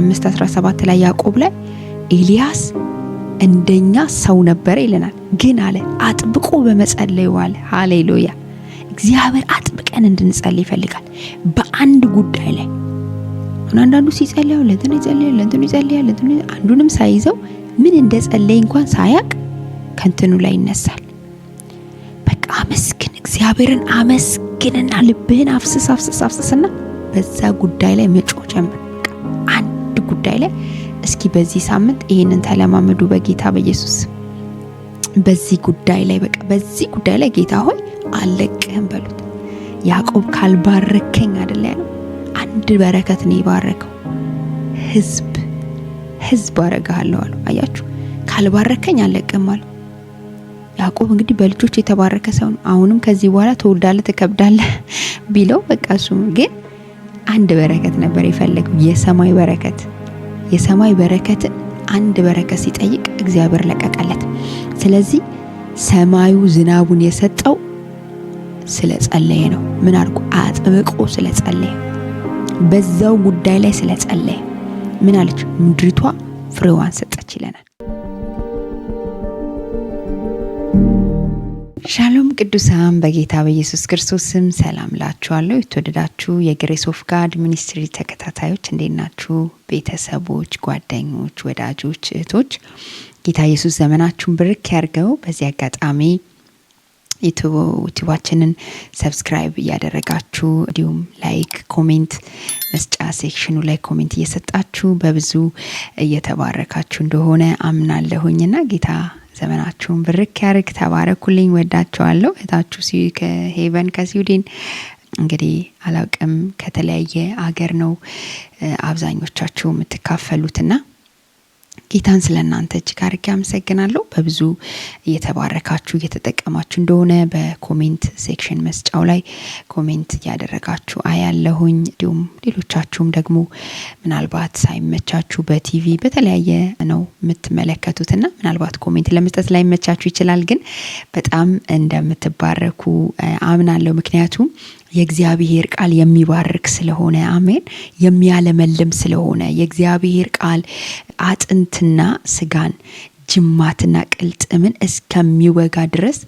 አምስት ላይ ያዕቆብ ላይ ኤልያስ እንደኛ ሰው ነበረ ይለናል። ግን አለ አጥብቆ በመጸለዩ አለ ሃሌሉያ። እግዚአብሔር አጥብቀን እንድንጸልይ ይፈልጋል በአንድ ጉዳይ ላይ አሁን አንዳንዱ ሲጸልያው ለእንትኑ ይጸልያል ለእንትኑ ይጸልያል ለእንትኑ አንዱንም ሳይዘው ምን እንደጸለይ እንኳን ሳያቅ ከንትኑ ላይ ይነሳል። በቃ አመስግን፣ እግዚአብሔርን አመስግንና ልብህን አፍስስ አፍስስ አፍስስና በዛ ጉዳይ ላይ መጮ ጀምር። ጉዳይ ላይ እስኪ በዚህ ሳምንት ይሄንን ተለማመዱ። በጌታ በኢየሱስ በዚህ ጉዳይ ላይ በቃ በዚህ ጉዳይ ላይ ጌታ ሆይ አልለቅህም በሉት። ያዕቆብ ካልባረከኝ አይደለ ያለው አንድ በረከት ነው የባረከው። ህዝብ ህዝብ አረጋለሁ አሉ። አያችሁ ካልባረከኝ አልለቅህም አሉ። ያዕቆብ እንግዲህ በልጆች የተባረከ ሰው ነው። አሁንም ከዚህ በኋላ ተወልዳለ ተከብዳለ ቢለው በቃ እሱም ግን አንድ በረከት ነበር የፈለገው የሰማይ በረከት የሰማይ በረከትን አንድ በረከት ሲጠይቅ እግዚአብሔር ለቀቀለት። ስለዚህ ሰማዩ ዝናቡን የሰጠው ስለጸለየ ነው። ምን አልኩ አጥብቆ ስለጸለየ፣ በዛው ጉዳይ ላይ ስለጸለየ ምን አለች ምድሪቷ ፍሬዋን ሰጠች ይለናል። ሻሎም ቅዱሳን በጌታ በኢየሱስ ክርስቶስ ስም ሰላም ላችኋለሁ። የተወደዳችሁ የግሬስ ኦፍ ጋድ ሚኒስትሪ ተከታታዮች እንዴት ናችሁ? ቤተሰቦች፣ ጓደኞች፣ ወዳጆች፣ እህቶች ጌታ ኢየሱስ ዘመናችሁን ብርክ ያርገው። በዚህ አጋጣሚ ዩቲዩባችንን ሰብስክራይብ እያደረጋችሁ እንዲሁም ላይክ፣ ኮሜንት መስጫ ሴክሽኑ ላይ ኮሜንት እየሰጣችሁ በብዙ እየተባረካችሁ እንደሆነ አምናለሁኝና ጌታ ዘመናችሁን ብርክ ያርግ። ተባረኩልኝ። ወዳችኋለሁ። እህታችሁ ከሄቨን ከስዊድን እንግዲህ አላውቅም ከተለያየ አገር ነው አብዛኞቻችሁ የምትካፈሉትና ጌታን ስለ እናንተ እጅግ አድርጌ አመሰግናለሁ። በብዙ እየተባረካችሁ እየተጠቀማችሁ እንደሆነ በኮሜንት ሴክሽን መስጫው ላይ ኮሜንት እያደረጋችሁ አያለሁኝ። እንዲሁም ሌሎቻችሁም ደግሞ ምናልባት ሳይመቻችሁ በቲቪ በተለያየ ነው የምትመለከቱትና ምናልባት ኮሜንት ለመስጠት ላይመቻችሁ ይችላል። ግን በጣም እንደምትባረኩ አምናለሁ። ምክንያቱም የእግዚአብሔር ቃል የሚባርክ ስለሆነ አሜን፣ የሚያለመልም ስለሆነ የእግዚአብሔር ቃል አጥንትና ስጋን ጅማትና ቅልጥምን እስከሚወጋ ድረስ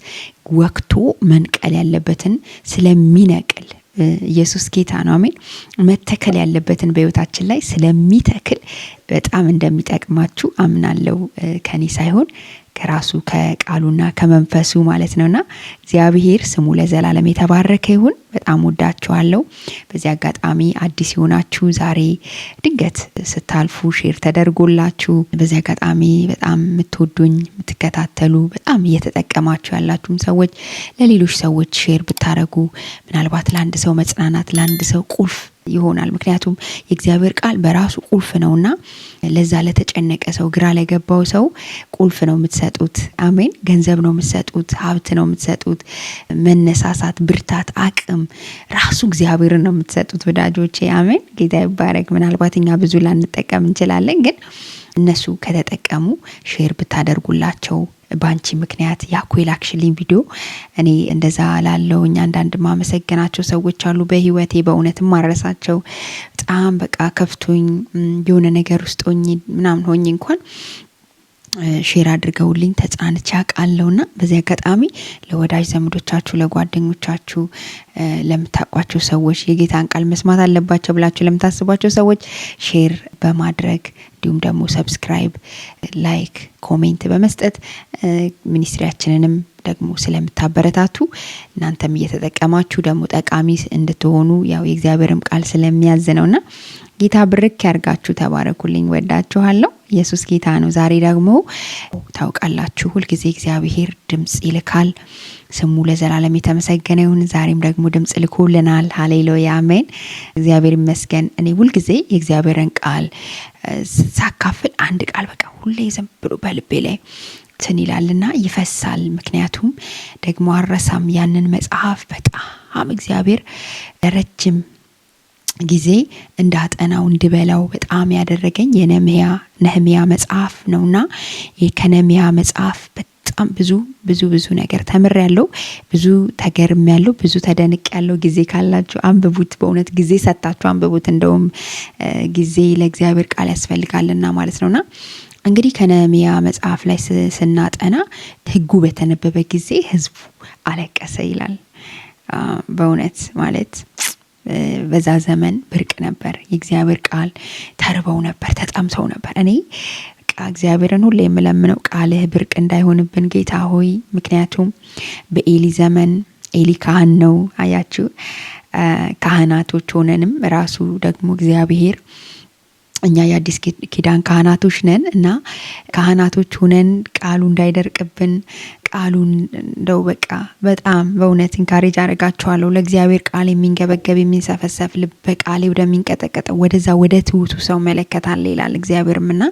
ወቅቱ መንቀል ያለበትን ስለሚነቅል ኢየሱስ ጌታ ነው። አሜን። መተከል ያለበትን በህይወታችን ላይ ስለሚተክል በጣም እንደሚጠቅማችሁ አምናለው ከኔ ሳይሆን ከራሱ ከቃሉና ከመንፈሱ ማለት ነውና እግዚአብሔር ስሙ ለዘላለም የተባረከ ይሁን። በጣም ወዳችኋለሁ። በዚህ አጋጣሚ አዲስ የሆናችሁ ዛሬ ድንገት ስታልፉ ሼር ተደርጎላችሁ በዚህ አጋጣሚ በጣም የምትወዱኝ የምትከታተሉ በጣም እየተጠቀማችሁ ያላችሁም ሰዎች ለሌሎች ሰዎች ሼር ብታደረጉ ምናልባት ለአንድ ሰው መጽናናት ለአንድ ሰው ቁልፍ ይሆናል። ምክንያቱም የእግዚአብሔር ቃል በራሱ ቁልፍ ነውና ለዛ ለተጨነቀ ሰው ግራ ለገባው ሰው ቁልፍ ነው የምትሰጡት። አሜን። ገንዘብ ነው የምትሰጡት፣ ሀብት ነው የምትሰጡት፣ መነሳሳት፣ ብርታት፣ አቅም ሰላም ራሱ እግዚአብሔር ነው የምትሰጡት ወዳጆቼ። አሜን። ጌታ ይባረክ። ምናልባት እኛ ብዙ ላንጠቀም እንችላለን፣ ግን እነሱ ከተጠቀሙ ሼር ብታደርጉላቸው በአንቺ ምክንያት ያኮ የላክሽልኝ ቪዲዮ እኔ እንደዛ ላለው እኛ አንዳንድ ማመሰገናቸው ሰዎች አሉ። በህይወቴ በእውነት ማረሳቸው በጣም በቃ ከፍቶኝ የሆነ ነገር ውስጥ ሆኜ ምናምን ሆኝ እንኳን ሼር አድርገውልኝ ተጽናንቼ አውቃለሁና በዚህ አጋጣሚ ለወዳጅ ዘመዶቻችሁ፣ ለጓደኞቻችሁ ለምታውቋቸው ሰዎች የጌታን ቃል መስማት አለባቸው ብላችሁ ለምታስቧቸው ሰዎች ሼር በማድረግ እንዲሁም ደግሞ ሰብስክራይብ፣ ላይክ፣ ኮሜንት በመስጠት ሚኒስትሪያችንንም ደግሞ ስለምታበረታቱ እናንተም እየተጠቀማችሁ ደግሞ ጠቃሚ እንድትሆኑ ያው የእግዚአብሔርም ቃል ስለሚያዝ ነውና ጌታ ብርክ ያርጋችሁ። ተባረኩልኝ። ወዳችኋለሁ። ኢየሱስ ጌታ ነው። ዛሬ ደግሞ ታውቃላችሁ፣ ሁልጊዜ እግዚአብሔር ድምፅ ይልካል ስሙ ለዘላለም የተመሰገነ ይሁን። ዛሬም ደግሞ ድምጽ ልኮልናል። ሀሌሉያ አሜን። እግዚአብሔር ይመስገን። እኔ ሁልጊዜ የእግዚአብሔርን ቃል ሳካፍል አንድ ቃል በቃ ሁሌ ዝም ብሎ በልቤ ላይ እንትን ይላልና ይፈሳል። ምክንያቱም ደግሞ አረሳም ያንን መጽሐፍ በጣም እግዚአብሔር ረጅም ጊዜ እንዳጠናው እንድበላው በጣም ያደረገኝ የነህምያ መጽሐፍ ነውና ከነህምያ መጽሐፍ በጣም ብዙ ብዙ ብዙ ነገር ተምር ያለው ብዙ ተገርም ያለው ብዙ ተደንቅ ያለው ጊዜ ካላችሁ አንብቡት። በእውነት ጊዜ ሰጥታችሁ አንብቡት። እንደውም ጊዜ ለእግዚአብሔር ቃል ያስፈልጋልና ማለት ነውና እንግዲህ ከነሚያ መጽሐፍ ላይ ስናጠና ህጉ በተነበበ ጊዜ ህዝቡ አለቀሰ ይላል። በእውነት ማለት በዛ ዘመን ብርቅ ነበር። የእግዚአብሔር ቃል ተርበው ነበር፣ ተጣምተው ነበር። እኔ እግዚአብሔርን ሁሌ የምለምነው ቃልህ ብርቅ እንዳይሆንብን ጌታ ሆይ፣ ምክንያቱም በኤሊ ዘመን ኤሊ ካህን ነው። አያችሁ፣ ካህናቶች ሆነንም ራሱ ደግሞ እግዚአብሔር እኛ የአዲስ ኪዳን ካህናቶች ነን እና ካህናቶች ሁነን ቃሉ እንዳይደርቅብን ቃሉን እንደው በቃ በጣም በእውነት ኢንካሬጅ አደርጋችኋለሁ። ለእግዚአብሔር ቃል የሚንገበገብ የሚንሰፈሰፍ ልብ በቃሌ ወደሚንቀጠቀጠ ወደዛ ወደ ትውቱ ሰው መለከታል ይላል እግዚአብሔርም እና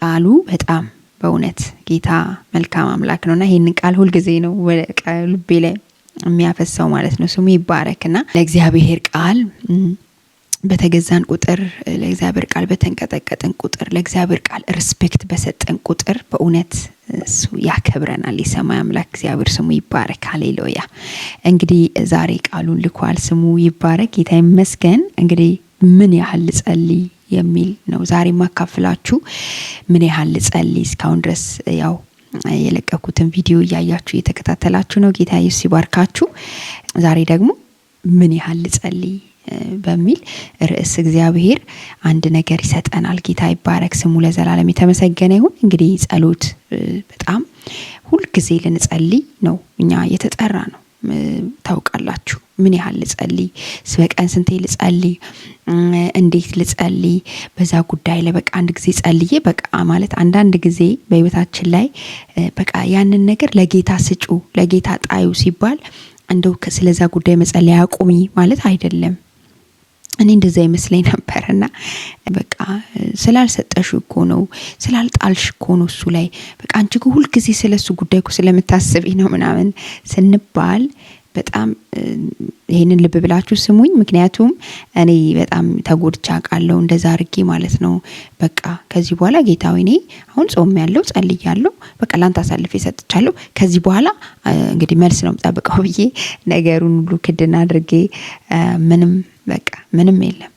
ቃሉ በጣም በእውነት ጌታ መልካም አምላክ እና ይህንን ቃል ሁልጊዜ ነው ልቤ ላይ የሚያፈሰው ማለት ነው። ስሙ ይባረክና ለእግዚአብሔር ቃል በተገዛን ቁጥር ለእግዚአብሔር ቃል በተንቀጠቀጥን ቁጥር ለእግዚአብሔር ቃል ሪስፔክት በሰጠን ቁጥር በእውነት እሱ ያከብረናል። የሰማይ አምላክ እግዚአብሔር ስሙ ይባረክ። ሃሌሉያ። እንግዲህ ዛሬ ቃሉን ልኳል። ስሙ ይባረክ። ጌታ ይመስገን። እንግዲህ ምን ያህል ልጸልይ የሚል ነው ዛሬ ማካፍላችሁ። ምን ያህል ልጸልይ እስካሁን ድረስ ያው የለቀኩትን ቪዲዮ እያያችሁ እየተከታተላችሁ ነው። ጌታ ኢየሱስ ይባርካችሁ። ዛሬ ደግሞ ምን ያህል ልጸልይ በሚል ርዕስ እግዚአብሔር አንድ ነገር ይሰጠናል። ጌታ ይባረክ ስሙ ለዘላለም የተመሰገነ ይሁን። እንግዲህ ጸሎት በጣም ሁልጊዜ ልንጸልይ ነው እኛ የተጠራ ነው። ታውቃላችሁ ምን ያህል ልጸልይ፣ በቀን ስንቴ ልጸልይ፣ እንዴት ልጸልይ፣ በዛ ጉዳይ ላይ በቃ አንድ ጊዜ ጸልዬ በቃ ማለት አንዳንድ ጊዜ በህይወታችን ላይ በቃ ያንን ነገር ለጌታ ስጩ፣ ለጌታ ጣዩ ሲባል እንደው ስለዛ ጉዳይ መጸለይ አቁሚ ማለት አይደለም። እኔ እንደዚ ይመስለኝ ነበር እና በቃ ስላልሰጠሽ እኮ ነው ስላልጣልሽ እኮ ነው እሱ ላይ በቃ አንቺ ሁልጊዜ ስለ እሱ ጉዳይ እኮ ነው ምናምን ስንባል በጣም ይሄንን ልብ ብላችሁ ስሙኝ። ምክንያቱም እኔ በጣም ተጎድቻ ቃለው እንደዛ አርጌ ማለት ነው። በቃ ከዚህ በኋላ ጌታዊ እኔ አሁን ጾም ያለው ጸልይ ያለው በቃ ላንተ አሳልፌ ሰጥቻለሁ። ከዚህ በኋላ እንግዲህ መልስ ነው ጠብቀው ብዬ ነገሩን ሁሉ ክድን አድርጌ ምንም በቃ ምንም የለም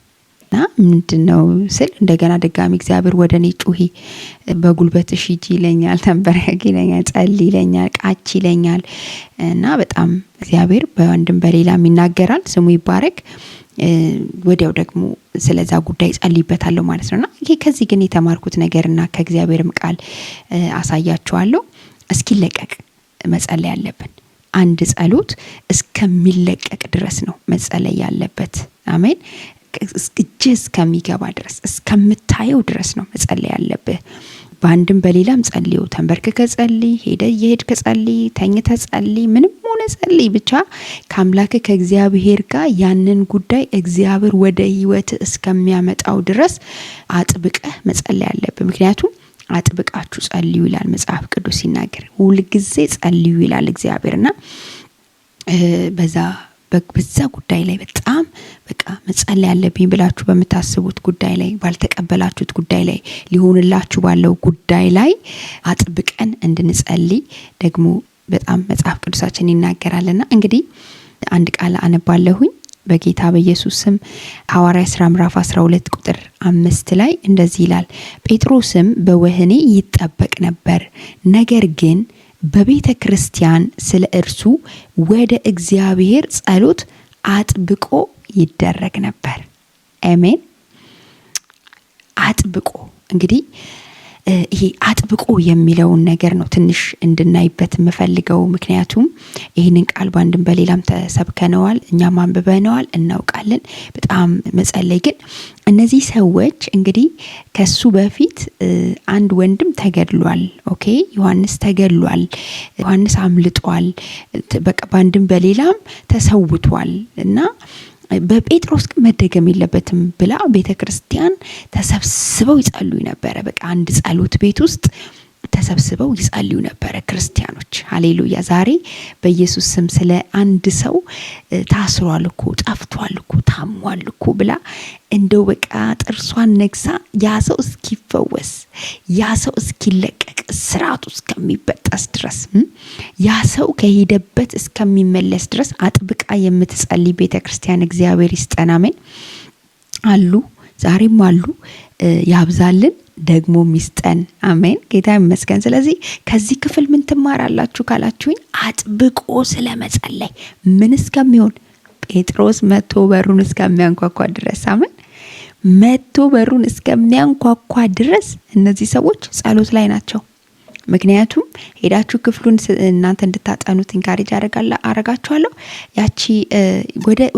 እና ምንድን ነው ስል እንደገና ድጋሚ እግዚአብሔር ወደ እኔ ጩሂ፣ በጉልበትሽ ሂጂ ይለኛል፣ ተንበረክ ይለኛል፣ ጸል ይለኛል፣ ቃች ይለኛል። እና በጣም እግዚአብሔር በወንድም በሌላም ይናገራል፣ ስሙ ይባረክ። ወዲያው ደግሞ ስለዛ ጉዳይ ጸልይበታለሁ ማለት ነው። እና ይሄ ከዚህ ግን የተማርኩት ነገርና ከእግዚአብሔርም ቃል አሳያችኋለሁ። እስኪለቀቅ መጸለይ አለብን። አንድ ጸሎት እስከሚለቀቅ ድረስ ነው መጸለይ ያለበት። አሜን። እጅ እስከሚገባ ድረስ እስከምታየው ድረስ ነው መጸለይ ያለብህ። በአንድም በሌላም ጸልዩ። ተንበርክከ ጸልይ፣ ሄደ የሄድከ ጸልይ፣ ተኝተ ጸልይ፣ ምንም ሆነ ጸልይ። ብቻ ከአምላክ ከእግዚአብሔር ጋር ያንን ጉዳይ እግዚአብሔር ወደ ህይወት እስከሚያመጣው ድረስ አጥብቀህ መጸለይ ያለብህ። ምክንያቱም አጥብቃችሁ ጸልዩ ይላል መጽሐፍ ቅዱስ ሲናገር፣ ሁልጊዜ ጸልዩ ይላል እግዚአብሔርና በዛ በዛ ጉዳይ ላይ በጣም በቃ መጸለይ ያለብኝ ብላችሁ በምታስቡት ጉዳይ ላይ ባልተቀበላችሁት ጉዳይ ላይ ሊሆንላችሁ ባለው ጉዳይ ላይ አጥብቀን እንድንጸልይ ደግሞ በጣም መጽሐፍ ቅዱሳችን ይናገራልና እንግዲህ አንድ ቃል አነባለሁኝ በጌታ በኢየሱስ ስም ሐዋርያ ስራ ምዕራፍ 12 ቁጥር አምስት ላይ እንደዚህ ይላል። ጴጥሮስም በወህኒ ይጠበቅ ነበር ነገር ግን በቤተ ክርስቲያን ስለ እርሱ ወደ እግዚአብሔር ጸሎት አጥብቆ ይደረግ ነበር። አሜን። አጥብቆ እንግዲህ ይሄ አጥብቆ የሚለውን ነገር ነው ትንሽ እንድናይበት የምፈልገው። ምክንያቱም ይህንን ቃል በአንድም በሌላም ተሰብከነዋል፣ እኛም አንብበነዋል፣ እናውቃለን። በጣም መጸለይ ግን እነዚህ ሰዎች እንግዲህ ከሱ በፊት አንድ ወንድም ተገድሏል። ኦኬ ዮሐንስ ተገድሏል። ዮሐንስ አምልጧል። በቃ በአንድም በሌላም ተሰውቷል እና በጴጥሮስ ግን መደገም የለበትም ብላ ቤተ ክርስቲያን ተሰብስበው ይጸልዩ ነበረ። በቃ አንድ ጸሎት ቤት ውስጥ ተሰብስበው ይጸልዩ ነበረ ክርስቲያኖች። ሀሌሉያ! ዛሬ በኢየሱስ ስም ስለ አንድ ሰው ታስሯል እኮ ጠፍቷል እኮ ታሟል እኮ ብላ እንደው በቃ ጥርሷን ነግሳ ያ ሰው እስኪ እስኪፈወስ ያ ሰው እስኪለቀቅ ስርዓቱ እስከሚበጠስ ድረስ ያ ሰው ከሄደበት እስከሚመለስ ድረስ አጥብቃ የምትጸልይ ቤተ ክርስቲያን እግዚአብሔር ይስጠን። አሜን። አሉ ዛሬም አሉ። ያብዛልን ደግሞ ሚስጠን። አሜን። ጌታ ይመስገን። ስለዚህ ከዚህ ክፍል ምን ትማራላችሁ ካላችሁኝ፣ አጥብቆ ስለ መጸለይ ምን እስከሚሆን ጴጥሮስ መጥቶ በሩን እስከሚያንኳኳ ድረስ አምን መጥቶ በሩን እስከሚያንኳኳ ድረስ እነዚህ ሰዎች ጸሎት ላይ ናቸው። ምክንያቱም ሄዳችሁ ክፍሉን እናንተ እንድታጠኑት ኢንካሬጅ አረጋችኋለሁ። ያቺ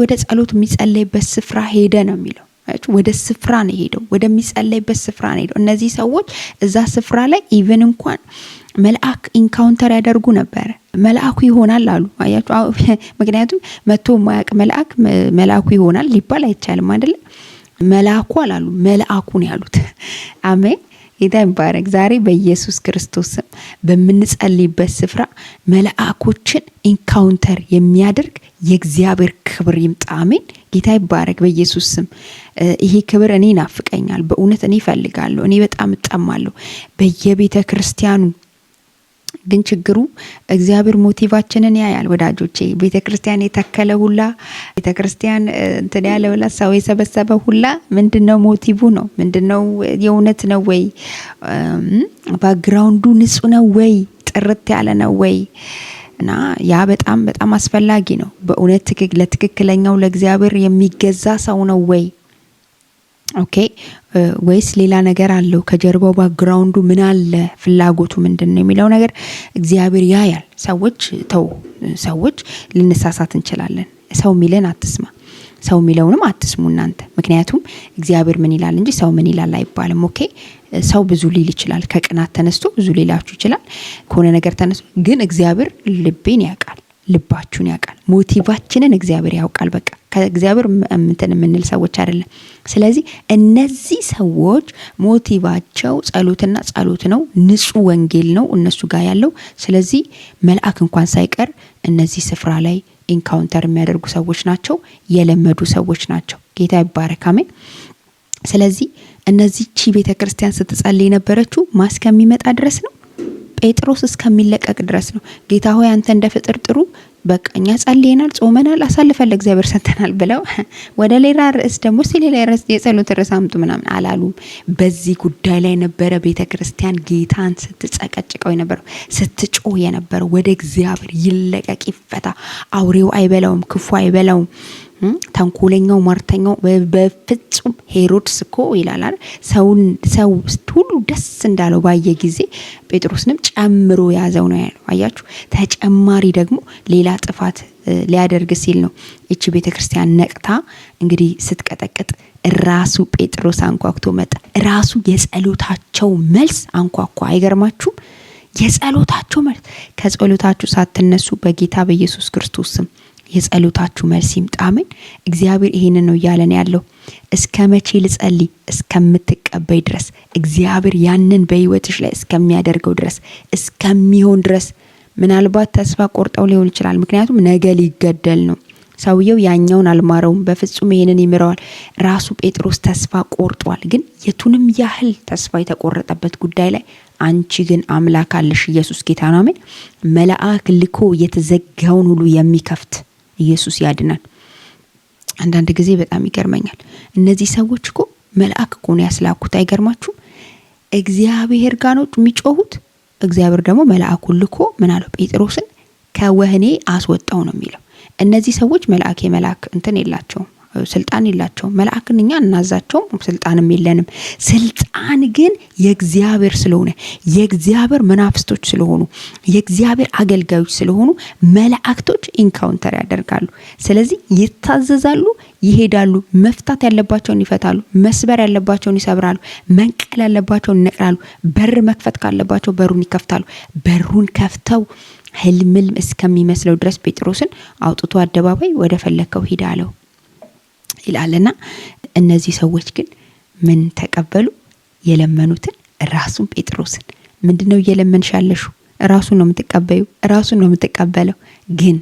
ወደ ጸሎት የሚጸለይበት ስፍራ ሄደ ነው የሚለው ወደ ስፍራ ነው ሄደው፣ ወደሚጸለይበት ስፍራ ነው ሄደው። እነዚህ ሰዎች እዛ ስፍራ ላይ ኢቨን እንኳን መልአክ ኢንካውንተር ያደርጉ ነበረ። መልአኩ ይሆናል አሉ። አያችሁ፣ ምክንያቱም መቶ ማያቅ መልአክ መልአኩ ይሆናል ሊባል አይቻልም አይደለም። መልአኩ አላሉ መልአኩን ያሉት። አሜን። ጌታ ይባረክ። ዛሬ በኢየሱስ ክርስቶስም በምንጸልይበት ስፍራ መልአኮችን ኢንካውንተር የሚያደርግ የእግዚአብሔር ክብር ይምጣ። አሜን። ጌታ ይባረክ። በኢየሱስ ስም ይሄ ክብር እኔ ይናፍቀኛል። በእውነት እኔ ይፈልጋለሁ፣ እኔ በጣም እጠማለሁ። በየቤተ ክርስቲያኑ ግን ችግሩ እግዚአብሔር ሞቲቫችንን ያያል። ወዳጆቼ ቤተ ክርስቲያን የተከለ ሁላ ቤተ ክርስቲያን እንትን ያለ ሁላ ሰው የሰበሰበ ሁላ ምንድነው ሞቲቡ ነው? ነው የእውነት ነው ወይ? ባክግራውንዱ ንጹህ ነው ወይ? ጥርት ያለ ነው ወይ? እና ያ በጣም በጣም አስፈላጊ ነው። በእውነት ለትክክለኛው ለእግዚአብሔር የሚገዛ ሰው ነው ወይ? ኦኬ ወይስ ሌላ ነገር አለው ከጀርባው ባክግራውንዱ ምን አለ ፍላጎቱ ምንድን ነው የሚለው ነገር እግዚአብሔር ያያል ሰዎች ተው ሰዎች ልንሳሳት እንችላለን ሰው ሚለን አትስማ ሰው የሚለውንም አትስሙ እናንተ ምክንያቱም እግዚአብሔር ምን ይላል እንጂ ሰው ምን ይላል አይባልም ኦኬ ሰው ብዙ ሊል ይችላል ከቅናት ተነስቶ ብዙ ሊላችሁ ይችላል ከሆነ ነገር ተነስቶ ግን እግዚአብሔር ልቤን ያውቃል ልባችሁን ያውቃል። ሞቲቫችንን እግዚአብሔር ያውቃል። በቃ ከእግዚአብሔር እንትን የምንል ሰዎች አይደለም። ስለዚህ እነዚህ ሰዎች ሞቲቫቸው ጸሎትና ጸሎት ነው፣ ንጹህ ወንጌል ነው እነሱ ጋር ያለው። ስለዚህ መልአክ እንኳን ሳይቀር እነዚህ ስፍራ ላይ ኢንካውንተር የሚያደርጉ ሰዎች ናቸው፣ የለመዱ ሰዎች ናቸው። ጌታ ይባረክ። አሜን። ስለዚህ እነዚህቺ ቤተ ክርስቲያን ስትጸልይ የነበረችው ማስከሚመጣ ድረስ ነው ጴጥሮስ እስከሚለቀቅ ድረስ ነው። ጌታ ሆይ አንተ እንደ ፍጥር ጥሩ በቃ እኛ ጸልየናል፣ ጾመናል፣ አሳልፈን ለእግዚአብሔር ሰጥተናል ብለው ወደ ሌላ ርዕስ ደግሞ እስቲ ሌላ ርዕስ የጸሎት ርዕስ አምጡ ምናምን አላሉም። በዚህ ጉዳይ ላይ ነበረ ቤተ ክርስቲያን ጌታን ስትጨቀጭቀው የነበረው ስትጮ የነበረው ወደ እግዚአብሔር ይለቀቅ፣ ይፈታ፣ አውሬው አይበላውም፣ ክፉ አይበላውም፣ ተንኮለኛው፣ ሟርተኛው በፍጹም ሄሮድስ እኮ ይላላል ሰውን ሰው ሁሉ ደስ እንዳለው ባየ ጊዜ ጴጥሮስንም ጨምሮ ያዘው ነው ያለው። አያችሁ፣ ተጨማሪ ደግሞ ሌላ ጥፋት ሊያደርግ ሲል ነው። እቺ ቤተ ክርስቲያን ነቅታ እንግዲህ ስትቀጠቅጥ ራሱ ጴጥሮስ አንኳኩቶ መጣ። ራሱ የጸሎታቸው መልስ አንኳኳ። አይገርማችሁም? የጸሎታቸው መልስ ከጸሎታችሁ ሳትነሱ በጌታ በኢየሱስ ክርስቶስ ስም የጸሎታችሁ መልስ ይምጣምን። እግዚአብሔር ይሄንን ነው እያለን ያለው። እስከ መቼ ልጸልይ? እስከምትቀበይ ድረስ እግዚአብሔር ያንን በህይወትሽ ላይ እስከሚያደርገው ድረስ እስከሚሆን ድረስ ምናልባት ተስፋ ቆርጠው ሊሆን ይችላል። ምክንያቱም ነገ ሊገደል ነው። ሰውየው ያኛውን አልማረውም። በፍጹም ይሄንን ይምረዋል። ራሱ ጴጥሮስ ተስፋ ቆርጧል። ግን የቱንም ያህል ተስፋ የተቆረጠበት ጉዳይ ላይ አንቺ ግን አምላክ አለሽ። ኢየሱስ ጌታ ነው። አሜን። መልአክ ልኮ የተዘጋውን ሁሉ የሚከፍት ኢየሱስ ያድናል። አንዳንድ ጊዜ በጣም ይገርመኛል። እነዚህ ሰዎች እኮ መልአክ እኮ ነው ያስላኩት። አይገርማችሁም? እግዚአብሔር ጋኖች የሚጮሁት እግዚአብሔር ደግሞ መልአኩን ልኮ ምን አለው ጴጥሮስን ከወህኔ አስወጣው ነው የሚለው። እነዚህ ሰዎች መልአክ የመልአክ እንትን የላቸውም ስልጣን የላቸውም። መላእክን እኛ እናዛቸውም ስልጣንም የለንም። ስልጣን ግን የእግዚአብሔር ስለሆነ የእግዚአብሔር መናፍስቶች ስለሆኑ የእግዚአብሔር አገልጋዮች ስለሆኑ መላእክቶች ኢንካውንተር ያደርጋሉ። ስለዚህ ይታዘዛሉ፣ ይሄዳሉ፣ መፍታት ያለባቸውን ይፈታሉ፣ መስበር ያለባቸውን ይሰብራሉ፣ መንቀል ያለባቸውን ይነቅላሉ፣ በር መክፈት ካለባቸው በሩን ይከፍታሉ። በሩን ከፍተው ህልምልም እስከሚመስለው ድረስ ጴጥሮስን አውጥቶ አደባባይ ወደ ፈለግከው ሂድ አለው። ይላልና እነዚህ ሰዎች ግን ምን ተቀበሉ? የለመኑትን ራሱን ጴጥሮስን ምንድን ነው እየለመንሽ ያለሹ? ራሱ ነው የምትቀበዩ፣ ራሱ ነው የምትቀበለው። ግን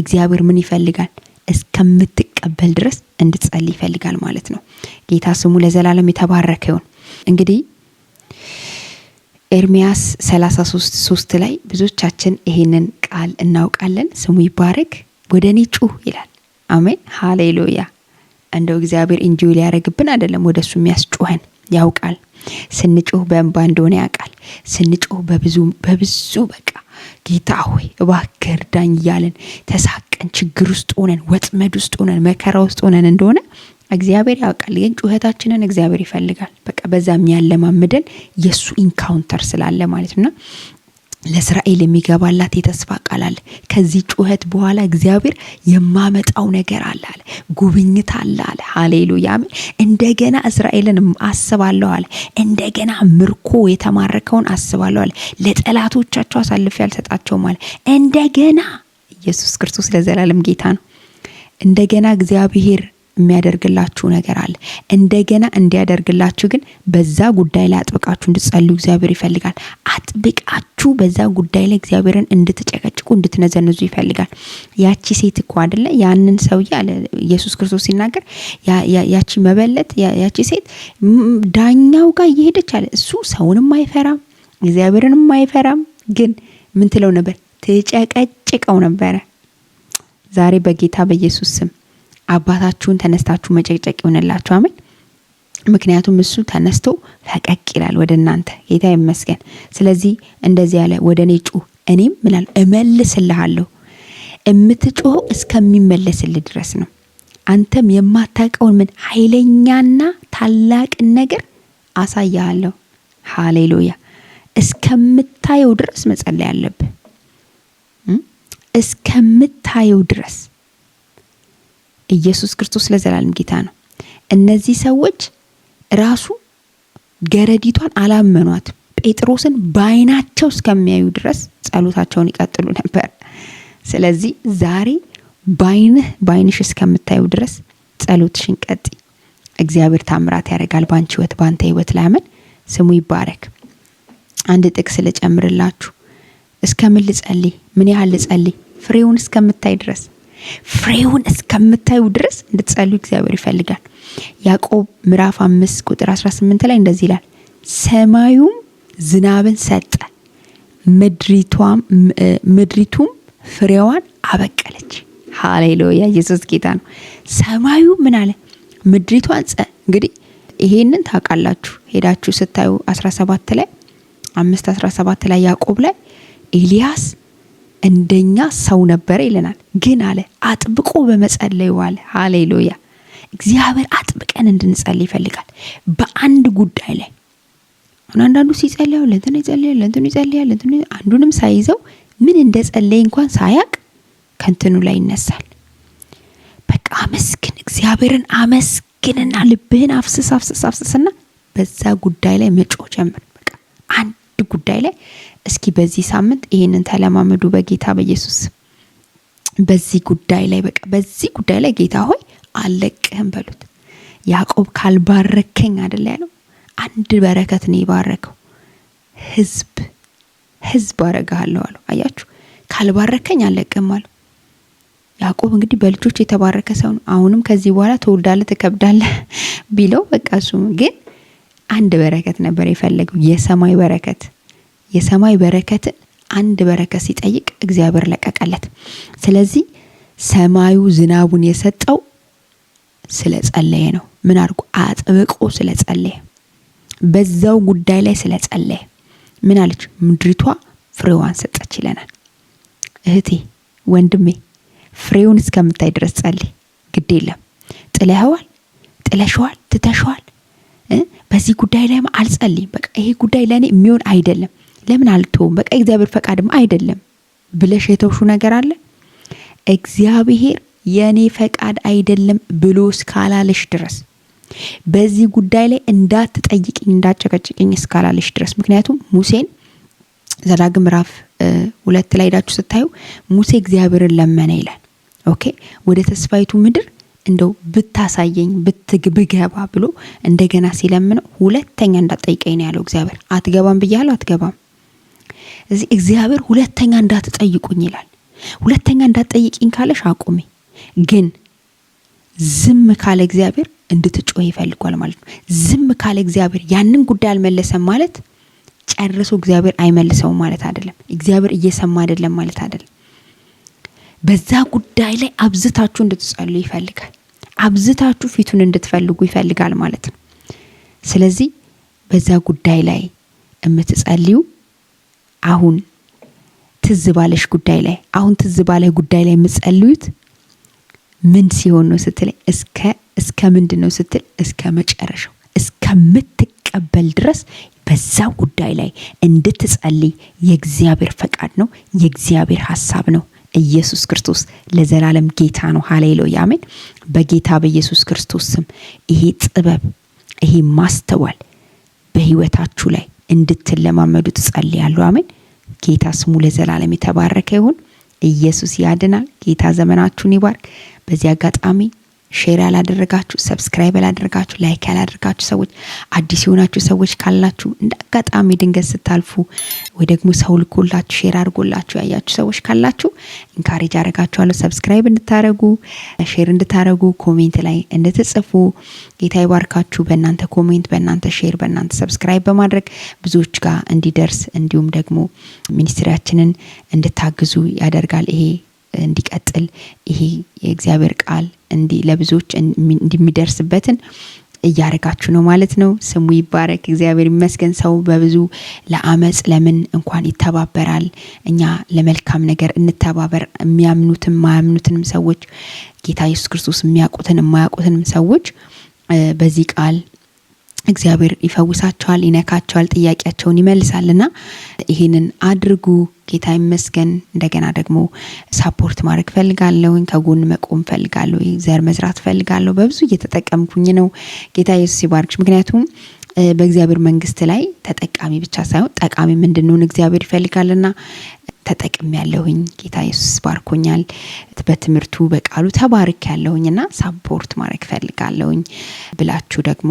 እግዚአብሔር ምን ይፈልጋል? እስከምትቀበል ድረስ እንድትጸልይ ይፈልጋል ማለት ነው። ጌታ ስሙ ለዘላለም የተባረከ ይሁን። እንግዲህ ኤርሚያስ 33 ሶስት ላይ ብዙዎቻችን ይሄንን ቃል እናውቃለን። ስሙ ይባረክ። ወደ እኔ ጩህ ይላል። አሜን ሃሌሉያ እንደው እግዚአብሔር ኢንጆይ ሊያደርግብን አይደለም ወደሱ የሚያስጩኸን ያውቃል። ስንጮህ በእንባ እንደሆነ ያውቃል። ስንጮህ በብዙ በብዙ በቃ ጌታ ሆይ እባክህ እርዳኝ እያለን ተሳቀን ችግር ውስጥ ሆነን ወጥመድ ውስጥ ሆነን መከራ ውስጥ ሆነን እንደሆነ እግዚአብሔር ያውቃል። ግን ጩኸታችንን እግዚአብሔር ይፈልጋል። በቃ በዛ የሚያለማምደን የእሱ ኢንካውንተር ስላለ ማለት ነው። ለእስራኤል የሚገባላት የተስፋ ቃል አለ። ከዚህ ጩኸት በኋላ እግዚአብሔር የማመጣው ነገር አለ አለ ጉብኝት አለ አለ ሀሌሉያ አሜን። እንደገና እስራኤልን አስባለሁ አለ። እንደገና ምርኮ የተማረከውን አስባለሁ አለ። ለጠላቶቻቸው አሳልፌ አልሰጣቸውም አለ። እንደገና ኢየሱስ ክርስቶስ ለዘላለም ጌታ ነው። እንደገና እግዚአብሔር የሚያደርግላችሁ ነገር አለ። እንደገና እንዲያደርግላችሁ ግን በዛ ጉዳይ ላይ አጥብቃችሁ እንድትጸልዩ እግዚአብሔር ይፈልጋል። አጥብቃችሁ በዛ ጉዳይ ላይ እግዚአብሔርን እንድትጨቀጭቁ እንድትነዘንዙ ይፈልጋል። ያቺ ሴት እኮ አደለ ያንን ሰውዬ አለ ኢየሱስ ክርስቶስ ሲናገር ያቺ መበለት ያቺ ሴት ዳኛው ጋር እየሄደች አለ እሱ ሰውንም አይፈራም እግዚአብሔርንም አይፈራም። ግን ምን ትለው ነበር? ትጨቀጭቀው ነበረ። ዛሬ በጌታ በኢየሱስ ስም አባታችሁን ተነስታችሁ መጨቅጨቅ ይሆንላችሁ። አሜን። ምክንያቱም እሱ ተነስቶ ፈቀቅ ይላል ወደ እናንተ። ጌታ ይመስገን። ስለዚህ እንደዚህ ያለ ወደ እኔ ጩ፣ እኔም ምናል እመልስልሃለሁ። የምትጮኸው እስከሚመለስልህ ድረስ ነው። አንተም የማታውቀውን ምን ኃይለኛና ታላቅን ነገር አሳያለሁ። ሃሌሉያ። እስከምታየው ድረስ መጸለይ አለብህ። እስከምታየው ድረስ ኢየሱስ ክርስቶስ ለዘላለም ጌታ ነው። እነዚህ ሰዎች ራሱ ገረዲቷን አላመኗት ጴጥሮስን በዓይናቸው እስከሚያዩ ድረስ ጸሎታቸውን ይቀጥሉ ነበር። ስለዚህ ዛሬ በዓይንህ በዓይንሽ እስከምታዩ ድረስ ጸሎትሽን ቀጢ። እግዚአብሔር ታምራት ያደርጋል በአንቺ ህይወት በአንተ ህይወት ላምን ስሙ ይባረክ። አንድ ጥቅስ ልጨምርላችሁ። እስከምን ልጸልይ? ምን ያህል ልጸልይ? ፍሬውን እስከምታይ ድረስ ፍሬውን እስከምታዩ ድረስ እንድትጸልዩ እግዚአብሔር ይፈልጋል። ያዕቆብ ምዕራፍ አምስት ቁጥር 18 ላይ እንደዚህ ይላል፣ ሰማዩም ዝናብን ሰጠ፣ ምድሪቱም ፍሬዋን አበቀለች። ሃሌሉያ! ኢየሱስ ጌታ ነው። ሰማዩ ምን አለ? ምድሪቷን ጸ እንግዲህ ይሄንን ታውቃላችሁ። ሄዳችሁ ስታዩ 17 ላይ 5 17 ላይ ያዕቆብ ላይ ኤልያስ እንደኛ ሰው ነበረ ይለናል። ግን አለ አጥብቆ በመጸለዩ አለ ሃሌሉያ እግዚአብሔር አጥብቀን እንድንጸልይ ይፈልጋል። በአንድ ጉዳይ ላይ አሁን አንዳንዱ ሲጸልያው ለእንትን ይጸልያል፣ ለእንትኑ ይጸልያል፣ ለእንትኑ አንዱንም ሳይዘው ምን እንደ ጸለይ እንኳን ሳያቅ ከንትኑ ላይ ይነሳል። በቃ አመስግን፣ እግዚአብሔርን አመስግንና ልብህን አፍስስ አፍስስ አፍስስና በዛ ጉዳይ ላይ መጮህ ጀምር። በቃ አንድ ጉዳይ ላይ እስኪ በዚህ ሳምንት ይሄንን ተለማመዱ በጌታ በኢየሱስ በዚህ ጉዳይ ላይ በቃ በዚህ ጉዳይ ላይ ጌታ ሆይ አለቅህም በሉት። ያዕቆብ ካልባረከኝ አደለ ያለው። አንድ በረከት ነው የባረከው። ህዝብ ህዝብ አረጋለሁ አለው። አያችሁ ካልባረከኝ አልለቅህም አለው። ያዕቆብ እንግዲህ በልጆች የተባረከ ሰው ነው። አሁንም ከዚህ በኋላ ትወልዳለህ፣ ትከብዳለህ ቢለው በቃ እሱ ግን አንድ በረከት ነበር የፈለገው፣ የሰማይ በረከት። የሰማይ በረከትን አንድ በረከት ሲጠይቅ እግዚአብሔር ለቀቀለት። ስለዚህ ሰማዩ ዝናቡን የሰጠው ስለ ጸለየ ነው። ምን አድርጎ? አጥብቆ ስለ ጸለየ፣ በዛው ጉዳይ ላይ ስለ ጸለየ ምን አለች ምድሪቷ? ፍሬዋን ሰጠች ይለናል። እህቴ ወንድሜ፣ ፍሬውን እስከምታይ ድረስ ጸልይ። ግድ የለም ጥለኸዋል፣ ጥለሸዋል፣ ትተሸዋል በዚህ ጉዳይ ላይ አልጸልይም፣ በቃ ይሄ ጉዳይ ለእኔ የሚሆን አይደለም፣ ለምን አልተውም፣ በቃ እግዚአብሔር ፈቃድም አይደለም ብለሽ የተውሹ ነገር አለ። እግዚአብሔር የእኔ ፈቃድ አይደለም ብሎ እስካላለሽ ድረስ በዚህ ጉዳይ ላይ እንዳትጠይቅኝ እንዳጨቀጭቅኝ እስካላለሽ ድረስ ምክንያቱም ሙሴን ዘዳግም ምዕራፍ ሁለት ላይ ሄዳችሁ ስታዩ ሙሴ እግዚአብሔርን ለመነ ይላል። ኦኬ ወደ ተስፋይቱ ምድር እንደው ብታሳየኝ ብትግብገባ ብሎ እንደገና ሲለምነው ሁለተኛ እንዳጠይቀኝ ነው ያለው። እግዚአብሔር አትገባም ብያለሁ፣ አትገባም። እዚህ እግዚአብሔር ሁለተኛ እንዳትጠይቁኝ ይላል። ሁለተኛ እንዳትጠይቅኝ ካለሽ አቁሚ ግን ዝም ካለ እግዚአብሔር እንድትጮህ ይፈልጓል ማለት ነው። ዝም ካለ እግዚአብሔር ያንን ጉዳይ አልመለሰም ማለት ጨርሶ እግዚአብሔር አይመልሰውም ማለት አይደለም። እግዚአብሔር እየሰማ አይደለም ማለት አይደለም። በዛ ጉዳይ ላይ አብዝታችሁ እንድትጸሉ ይፈልጋል። አብዝታችሁ ፊቱን እንድትፈልጉ ይፈልጋል ማለት ነው። ስለዚህ በዛ ጉዳይ ላይ የምትጸልዩ አሁን ትዝ ባለሽ ጉዳይ ላይ አሁን ትዝ ባለ ጉዳይ ላይ የምትጸልዩት ምን ሲሆን ነው ስትል እስከ እስከ ምንድን ነው ስትል እስከ መጨረሻው እስከምትቀበል ድረስ በዛ ጉዳይ ላይ እንድትጸልይ የእግዚአብሔር ፈቃድ ነው፣ የእግዚአብሔር ሀሳብ ነው። ኢየሱስ ክርስቶስ ለዘላለም ጌታ ነው። ሃሌሉያ አሜን። በጌታ በኢየሱስ ክርስቶስ ስም ይሄ ጥበብ ይሄ ማስተዋል በህይወታችሁ ላይ እንድትለማመዱ ትጸልያሉ። አሜን። ጌታ ስሙ ለዘላለም የተባረከ ይሁን። ኢየሱስ ያድናል። ጌታ ዘመናችሁን ይባርክ። በዚህ አጋጣሚ ሼር ያላደረጋችሁ፣ ሰብስክራይብ ያላደረጋችሁ፣ ላይክ ያላደረጋችሁ ሰዎች አዲስ የሆናችሁ ሰዎች ካላችሁ እንደ አጋጣሚ ድንገት ስታልፉ ወይ ደግሞ ሰው ልኮላችሁ ሼር አድርጎላችሁ ያያችሁ ሰዎች ካላችሁ ኢንካሬጅ አደረጋችኋለሁ ሰብስክራይብ እንድታደረጉ ሼር እንድታደረጉ ኮሜንት ላይ እንድትጽፉ ጌታ ይባርካችሁ። በእናንተ ኮሜንት፣ በእናንተ ሼር፣ በእናንተ ሰብስክራይብ በማድረግ ብዙዎች ጋር እንዲደርስ እንዲሁም ደግሞ ሚኒስትሪያችንን እንድታግዙ ያደርጋል ይሄ እንዲቀጥል ይሄ የእግዚአብሔር ቃል ለብዙዎች እንደሚደርስበትን እያደረጋችሁ ነው ማለት ነው። ስሙ ይባረክ፣ እግዚአብሔር ይመስገን። ሰው በብዙ ለአመፅ ለምን እንኳን ይተባበራል። እኛ ለመልካም ነገር እንተባበር። የሚያምኑትም ማያምኑትንም ሰዎች ጌታ ኢየሱስ ክርስቶስ የሚያውቁትን የማያውቁትንም ሰዎች በዚህ ቃል እግዚአብሔር ይፈውሳቸዋል፣ ይነካቸዋል፣ ጥያቄያቸውን ይመልሳልና ይህንን አድርጉ። ጌታ ይመስገን። እንደገና ደግሞ ሳፖርት ማድረግ ፈልጋለሁኝ፣ ከጎን መቆም ፈልጋለሁ፣ ዘር መዝራት ፈልጋለሁ። በብዙ እየተጠቀምኩኝ ነው። ጌታ ኢየሱስ ይባርክሽ። ምክንያቱም በእግዚአብሔር መንግስት ላይ ተጠቃሚ ብቻ ሳይሆን ጠቃሚ እንድንሆን እግዚአብሔር ይፈልጋልና ተጠቅም ያለሁኝ ጌታ ኢየሱስ ባርኮኛል። በትምህርቱ በቃሉ ተባርክ ያለሁኝ እና ሳፖርት ማድረግ ፈልጋለሁኝ ብላችሁ ደግሞ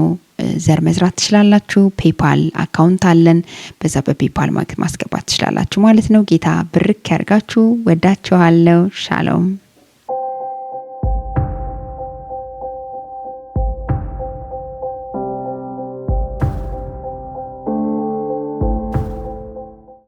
ዘር መዝራት ትችላላችሁ። ፔፓል አካውንት አለን። በዛ በፔፓል ማስገባት ትችላላችሁ ማለት ነው። ጌታ ብርክ ያርጋችሁ። ወዳችኋለሁ። ሻሎም